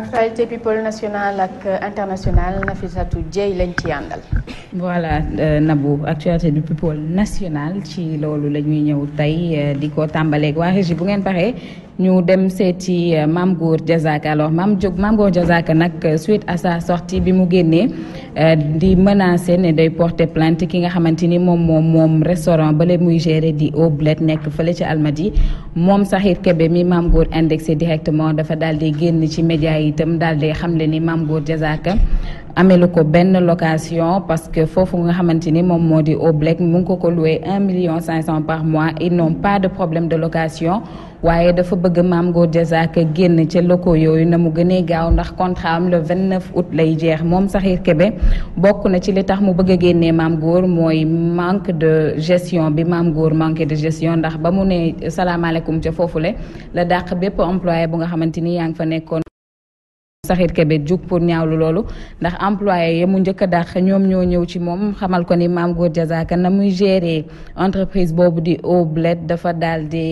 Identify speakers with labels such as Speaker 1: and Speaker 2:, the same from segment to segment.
Speaker 1: actualité people nationale ak internationale Nafisatou Dieye lañ ci yàndal voilà euh, Nabou actualité du people national ci loolu la ñuy ñëw tey euh, di ko tàmbaleeg waa régie bu ngeen pare ñu dem seeti euh, Mame Goor Diazaka alors Mame Diop Mame Goor Diazaka nag suite à sa sortie bi mu génnee euh, di menacer ne day porter plainte ki nga xamante ni moom moom moom restaurant bale muy gérer di Au Bled nekk fale ci Almadies moom Sakhir Kébé mi Mame Goor indexé directement dafa daal di génn ci média yi itam daal di xamle ni Mame Goor Diazaka amelu ko benn location parce que foofu nga xamante ni moom moo di au Blec mu ngi ko ko loué un million cinq cent par mois ils n'ont pas de problème de location waaye dafa bëgg Mame Goor Diazaka génn ca locaux yooyu na mu gënee gaaw ndax contrat am le 29 août lay jeex moom Sakhir Kébé bokk na ci li tax mu bëgg a génnee Mame Goor mooy manque de gestion bi Mame Goor manque de gestion ndax ba mu ne salaamaaleykum ca foofule la dàq bépp employé bu nga xamante ni yaa ngi fa nekkoon Sakhir Kébé jug pour ñaawlu loolu ndax employé ya mu njëkk a dàq ñoom ñoo ñëw ci moom xamal ko ni Mame Goor Diazaka na muy gérer entreprise boobu di Au blet dafa daal di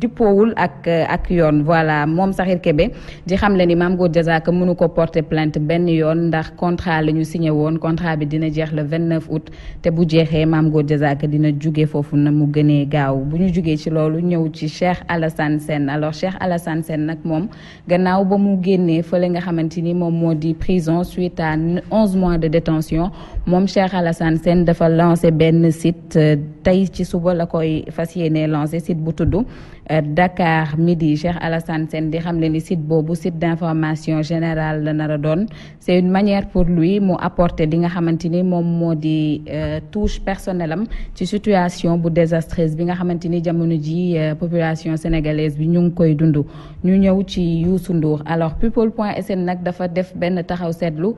Speaker 1: dippoowul ah, ak ak yoon voilà moom Sakhir Kébé di xam le ni Mame Goor Diazaka mënu ko porter plante benn yoon ndax contrat la ñu signé woon contrat bi dina jeex le 29 août te bu jeexee Mame Goor Diazaka dina jugee foofu na mu gënee gaaw bu ñu jugee ci loolu ñëw ci Cheikh Alassane Sène alors nag moom fële nga xamante ni moom moo di prison suite à onze mois de détention moom Cheikh Alassane Sène dafa lancé benn site euh, tey ci suba la koy fas yéenee lancé site bu tudd euh, Dakar Midi Cheikh Alassane Sène di xam le ni site boobu site d'information générale la nar a doon c'est une manière pour lui mu apporter di nga xamante ni moom moo di euh, touche personnelle am ci situation bu désastreuse bi nga xamante ni jamono ji population sénégalaise bi ñu ngi koy dund ñu ñëw ci Youssou Ndour alors people point sn nag dafa def benn taxaw seetlu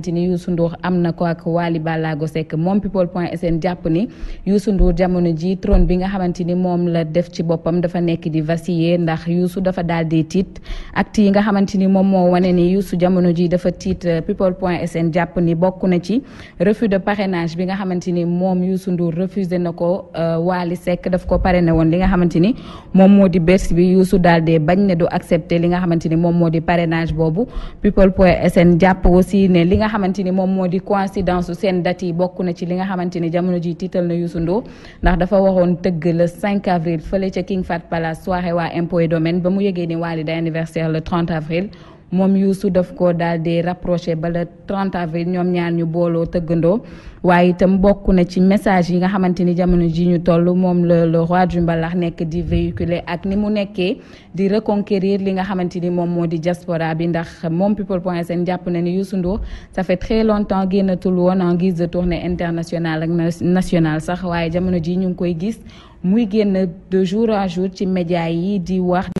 Speaker 1: xamante ni Youssou Ndour am na ko ak Wally Ballago Seck moom people point sn jàpp ni Youssou Ndour jamono jii trône bi nga xamante ni moom la def ci boppam dafa nekk di vaciller ndax Youssou dafa daal di tiit acte yi nga xamante ni moom moo wane ni Youssou jamono ji dafa tiit euh, people point sn jàpp ni bokk na ci refus de parrainage bi nga xamante ni moom Youssou Ndour refusé na ko euh, Wally Seck daf ko ne woon li nga xamante ni moom moo di bés bi Youssou daal dee bañ ne du accepté li nga xamante ni moom moo di parrainage boobu people point sn jàpp aussi ne li nga xamante ni moom moo di coïncidence seen date yi bokk na ci li nga xamante ni jamono ji tiital na Youssou Ndour ndax dafa waroon tëgg le 5 avril fële ca King faat Palace soirée waa impôt et domaine ba mu yëgee ni Wally day anniversaire le 30 avril moom Youssou def ko daal di rapproché ba le 30 avril ñoom ñaan ñu booloo tëggandoo waaye itam bokk na ci message yi nga xamante ni jamono ji ñu toll moom la le roi du mbalax nekk di véhiculer ak ni mu nekkee di reconquérir li nga xamante ni moom moo di diaspora bi ndax moom people point sn jàpp na ni Youssou Ndour ça fait très longtemps génnatul woon en guise de ak nationale sax waaye jamono ji ñu ngi koy gis muy génn de jour à jour ci média yi di wax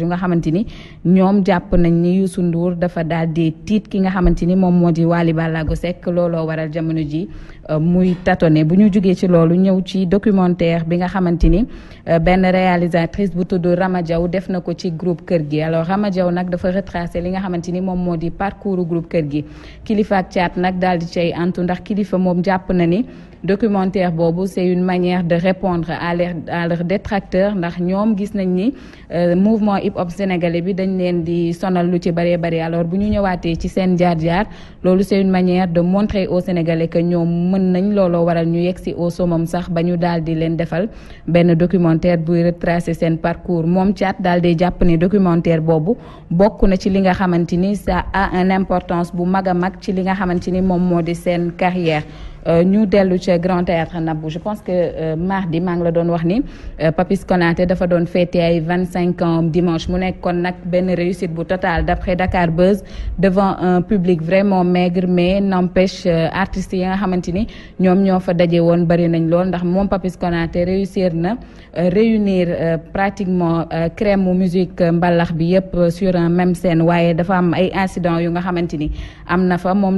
Speaker 1: yu nga xamante ni ñoom jàpp nañ ni Youssou Ndour dafa daal di tiit ki nga xamante ni moom moo di Wally Ballago Seck looloo waral jamono ji euh, muy tâtonné bu ñu jugee ci loolu ñëw ci documentaire bi nga xamante ni euh, benn réalisatrice bu tudd Rama Diaw def na ko ci groupe kër gi alors Rama Diaw nag dafa retracé li nga xamante ni moom moo di parcours groupe kër gi kilifa ak caat nag daal di cay antu ndax kilifa moom jàpp na ni documentaire boobu c'est une manière de répondre à leur à leurs détracteurs ndax ñoom gis nañ ni euh, mouvement hip hop sénégalais bi dañ leen di sonal lu ci bëree bëri alors bu ñu ñëwaatee ci seen jaar jaar loolu c'est une manière de montrer aux sénégalais que ñoom mën nañ looloo waral ñu yegg si au somam sax ba ñu daal di leen defal benn documentaire buy retracer seen parcours moom Thiat daal di jàpp ne documentaire boobu bokk na ci li nga xamante ni ça a une importance bu mag a mag ci li nga xamante ni moom moo di seen carrière Euh, ñu dellu ca Grand Théâtre Nabou je pense que euh, mardi maa ngi la doon wax ni euh, Papis Konaté dafa doon fêté ay vingt cinq ans dimanche mu nekk kon nag benn réussite bu totale d'après Dakar Buzz devant un public vraiment maigre mais n'empêche artistes yi nga xamante ni ñoom ñoo fa daje woon bari nañ lool ndax moom Papis Konaté réussir na réunir pratiquement crème mu musique mbalax bi yépp sur un même scène waaye dafa am ay incidents yu nga xamante am na fa moom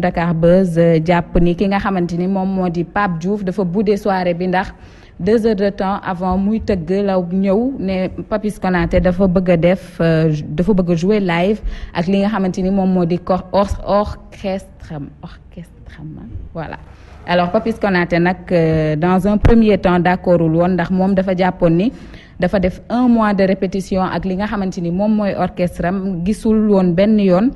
Speaker 1: moom moo di Pape Diouf dafa budde soire bi ndax deux heures de temps avant muy tëgg la ñëw ne Papis dafa bëgg a def euh, dafa bëgg a jouer live ak li nga xamante ni moom moo di or orchestre orchestre xam na voilà alors Papis Konaté nag euh, dans un premier temps d'accordul woon ndax moom dafa jàppoon ni dafa def un mois de répétition ak li nga xamante ni moom mooy orchestre am gisul woon benn yoon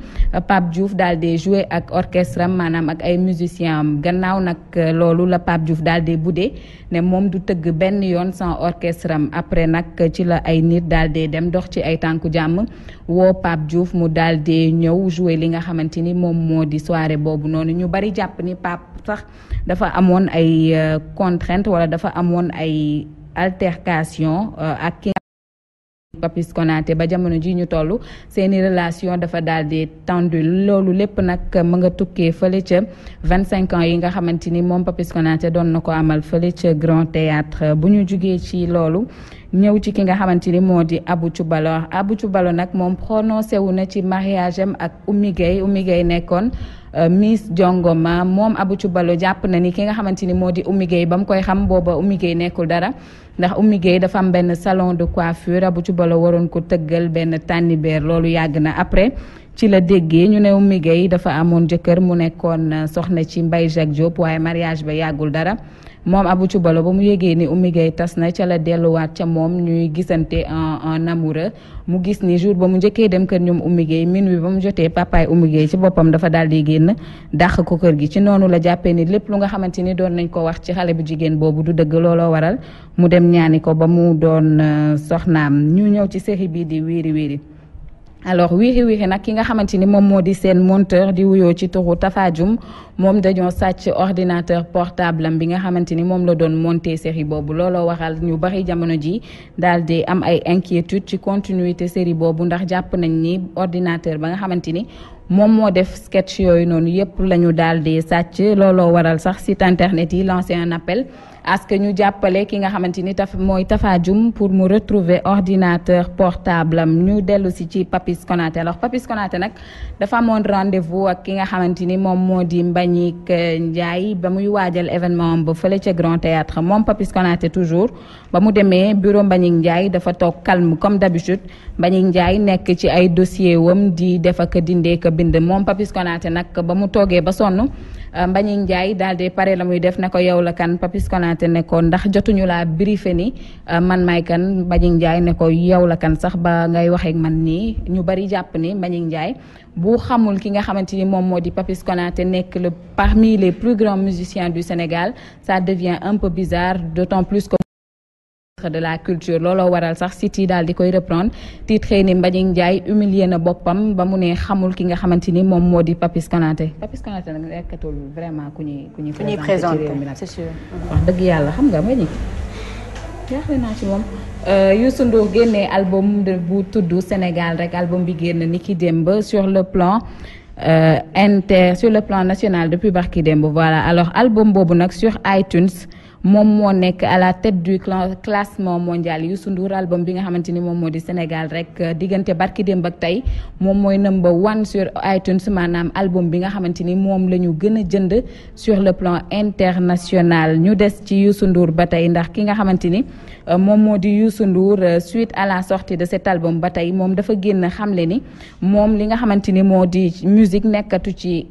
Speaker 1: Pape Diouf dal di jouer ak orchestre maanaam ak ay musiciens am gannaaw nag euh, loolu la Pape Diouf daal di budee ne moom du tëgg benn yoon sans orchestre am après nag ci la ay nit daal de dem dox ci ay tànku jàmm woo Pape Diouf mu daal di ñëw jouer li nga bari jàpp ni Pape sax dafa amoon ay euh, contrainte wala dafa amoon ay altercation euh, ak ki Papis ba jamono ji ñu toll seeni relation dafa daal di tendu loolu lépp nag mu nga tukkee fële ca vingt cinq ans yi nga xamante ni moom Papis doon na ko amal fële ca Grand Théâtre bu ñu jugee ci loolu ñëw ci ki nga xamante ni moo di Abou Thioubalo Abou Thioubalo nag moom prononcé na ci mariage ak Oumy Gueye Oumy Gueye nekkoon Euh, Miss Jongoma moom Abou Thioubalo jàpp na ni ki nga xamante ni moo di Oumy Gueye ba koy xam booba Oumy Gueye nekkul dara ndax Oumy Gueye dafa am benn salon de coiffure Abou Thioubalo waroon ko tëggal benn tànnibeer loolu yàgg na après ci la déggee ñu ne Oumy Gueye dafa amoon jëkkër mu nekkoon euh, soxna ci mbay Jacques Diop waaye mariage ba yàggul dara moom abu ci bolo ba mu yégee ni Oumy Gueye tas na ca la delluwaat ca moom ñuy gisante en en amoureux mu gis ni jour ba mu njëkkee dem kër ñoom Oumy Gueye min wi ba mu jotee papaay Oumy Gueye ci boppam dafa daal di génn dàq ko kër gi ci noonu la jàppee ni lépp lu nga xamante ni doon nañ ko wax ci xale bu jigéen boobu du dëgg looloo waral mu dem ñaani ko ba mu doon euh, soxnaam ñu ñëw ci série bii di wiiri wiiri alors wiri wiri nag ki nga xamante ni moom moo di seen monteur di wuyoo ci turu Tafa Dioum moom dañoo sàcc ordinateur portable am bi nga xamante ni moom la doon monter série boobu looloo waral ñu bari jamono ji daal di am ay inquiétude ci continuité série boobu ndax jàpp nañ ni ordinateur ba nga xamante ni moom moo def sketch yooyu noonu yëpp la ñu daal dee sàcc looloo waral sax site internet yi lancé en appel à que ñu jàppale ki nga xamante ni taf mooy tafaajum pour mu retrouver ordinateur portable am ñu dellu si ci Papis Konaté alors Papis Konaté nag dafa amoon rendez ak ki nga xamante ni moom moo di Mbagnick Ndiaye ba muy waajal événement am ba fële ca Grand Théâtre moom Papis Konaté toujours ba mu demee bureau Mbagnick Ndiaye dafa toog calme comme d'habitude Mbagnick Ndiaye nekk ci ay dossier wam di def ak dindeek bind moom Papis Konaté ba mu toogee ba sonn euh, Mbagnick Ndiaye daal di pare la muy def ne ko yow la kan Papis Konaté ne ko ndax jotuñu laa briefé ni euh, man maay kan Mbagnick Ndiaye ne ko yow la kan sax ba ngay waxeek man nii ñu bari jàpp ni Mbagnick Ndiaye bu xamul ki nga xamante ni moom moo di Papis Konaté nekk le parmi les plus grands musiciens du Sénégal ça devient un peu bizarre d'autant plus que de la culture looloo waral sax site yi daal di koy reprendre titre ni Mbagnick Ndiaye humilié na boppam ba mu ne xamul ki nga xamante ni moom moo di Papis Konaté Papis Konaté nag vraiment ku ñuy ku ñuy présenté ci réew mi dëgg yàlla xam nga Mbagnick jaaxle naa ci moom euh, Youssou Ndour génnee album bu tudd Sénégal rek album bi génn ni ki démb sur le plan euh, inter sur le plan national depuis barki démb voilà alors album boobu nag sur iTunes moom moo nekk à la tête du classement mondial Youssou Ndour album bi nga xamante ni moom moo di Sénégal rek euh, diggante barki démb ak tey moom mooy number one sur iTunes maanaam album bi nga xamante ni moom la ñu gën a jënd sur le plan international ñu des ci Youssou ba tey ndax ki nga xamante ni euh, moom moo di Youssou Ndour euh, suite à la sortie de cet ba tey moom dafa génn xamle ni moom li nga xamante ni moo di musique nekkatu ci.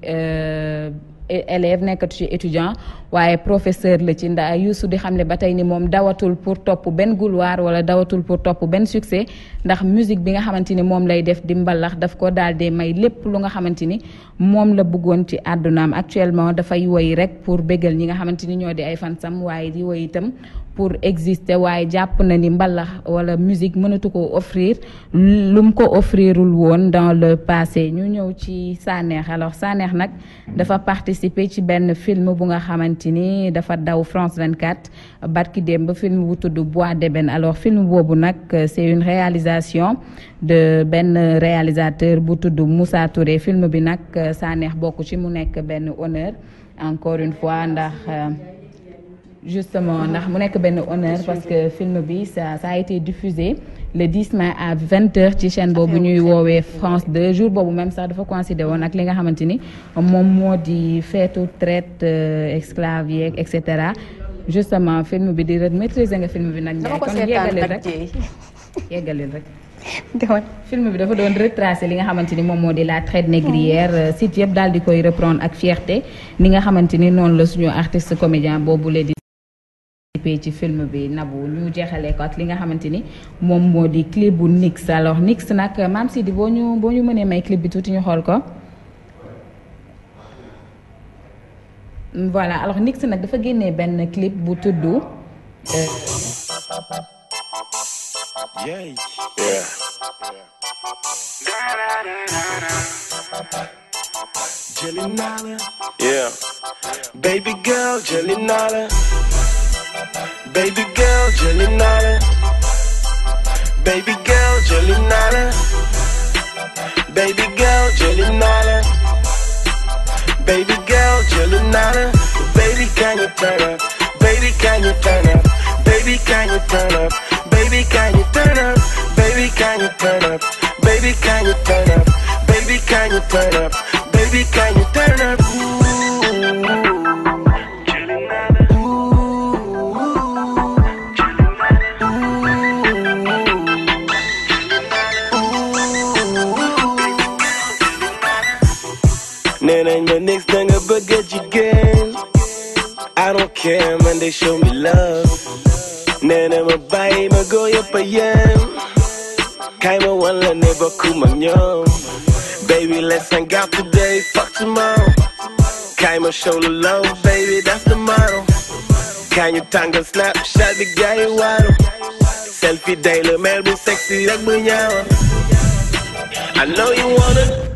Speaker 1: élève nekkatu ci étudiant waaye professeur la ci nda Youssou di xamle ba tey ni moom dawatul pour topp benn gloire wala dawatul pour topp benn succès ndax musique bi nga xamante ni moom lay def di mbalax daf ko daal di may lépp lu nga xamante ni moom la buggoon ci àddunaam actuellement dafay woy rek pour bégal ñi nga xamante ni ñoo di ay fansam waaye di woy itam pour exister waaye jàpp na ni mbalax wala musique mënatu ko offrir lum ko offrirul woon dans le passé ñu ñëw ci sànneex alors sànneex nag dafa participer ci benn film bu nga xamante ni dafa daw France 24 barki ba film bu tudd Bois benn alors film boobu nag c'est une réalisation de benn réalisateur bu tudd Moussa Touré film bi nag sànneex bokk ci mu nekk benn honneur encore une fois ndax euh, justement ndax mu nekk benn honneur parce que film bi sa ça a été diffusé le 10 mai à 20h ci chaîne boobu ñuy woowee France de jour boobu même sax dafa coïncider woon ak li nga xamante ni moom moo di feetu traite euh, esclave yeeg et cetera justement film bi di ret maîtriser nga film bi nag. dama ko rek yeggalil rek. bi dafa doon retracer li nga xamante ni moom moo di la traite négrière hmm. euh, site yëpp daal di koy reprendre ak fierté ni nga xamante ni noonu la suñu artiste comédien boobu la di participé ci film bi Nabou ñu jeexalee ko ak li nga xamante ni moom moo di clip bu Nix alors Nix nag maam Sidi boo ñu boo ñu mënee may clip bi tuuti ñu xool ko. voilà alors Nix nag dafa génnee benn clip bu tudd. Euh, jelly Nala. Yeah. Baby girl, jelly nada. Baby girl, jelly nada. Baby girl, jelly nada. Baby girl, jelly nada. Baby, can you turn up? Baby, can you turn up? Baby, can you turn up? Baby, can you turn up? Baby, can you turn up? Baby, can you turn up? Baby, can you turn up? nee nañ ma nix da nga bëgg a jigéen I don't care man they show me love nee na ma bàyyi ma góor yëpp a yem kaay ma wan la ne bokkuma ñoom baby let's hang out today fuck tomorrow kaay ma show la love baby that's the motto kaay ñu tàngal snapchat bi gaay waaru selfie day la mel bu sexy rek bu ñaawa I know you wanna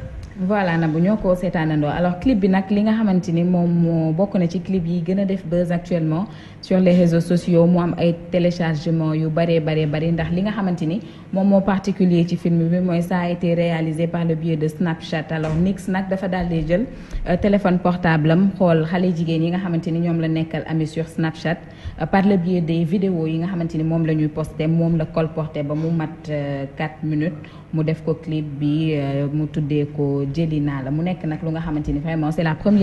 Speaker 1: voilà na bu ñoo ko seetaanandoo alors clip bi nag li nga xamante ni moom moo bokk na ci clip yi gën a def buzz actuellement sur les réseaux sociaux mu am ay téléchargement yu baree baree bari ndax li nga xamante ni moom moo particulier ci film bi mooy ça a été réalisé par le biais de Snapchat alors Nix nag dafa daal di jël euh, téléphone portable am xool xale jigéen yi nga xamante ni ñoom la nekkal ami sur Snapchat euh, par le biais des vidéos yi nga xamante ni moom la ñuy posté moom la colporté ba mu mat 4 euh, minutes mu def ko clip bi mu tuddee ko jëli naa la mu nekk nag lu nga xamante ni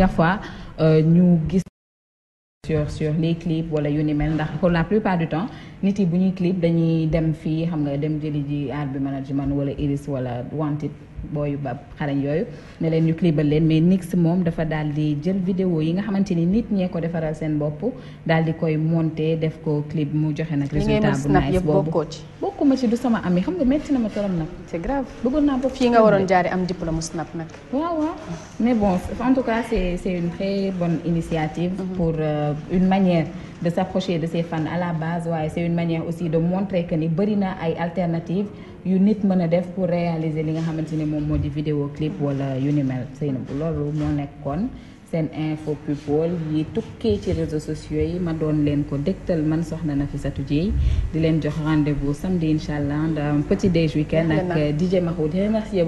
Speaker 1: sur sur les clips wala yu ni mel ndax pour la plupart du temps nit yi bu ñuy clip dañuy dem fii xam nga dem jëli ji art bi management wala iris wala wanted booyu ba xarañ yooyu ne leen ñu clipal leen mais nix moom dafa daal di jël vidéo yi nga xamante ni nit ñee ko defaral seen bopp daal di koy monter def ko clip mu joxe nag li résultat bu nice boobu bokkuma ci du sama ami xam nga metti na ma torom nag c'est grave bëggoon naa bokk fii nga waroon jaari am diplôme snap nag waaw waaw mais bon en tout cas c'est c'est une très bonne initiative mm-hmm. pour euh, une manière de s'approcher de ces fan à la base waaye c'est une manière aussi de montrer que ni bëri na ay alternatives yu nit mën a def pour réaliser li nga xamante ni moom moo di vidéo clip wala yu ni mel Seynabou loolu moo nekkoon seen info people yi tukkee ci réseaux sociaux yi ma doon leen ko dégtal man soxna na fi satu Dieye di leen jox rendez-vous samedi incha allah un petit déj week-end ak euh, DJ Mahou di remercier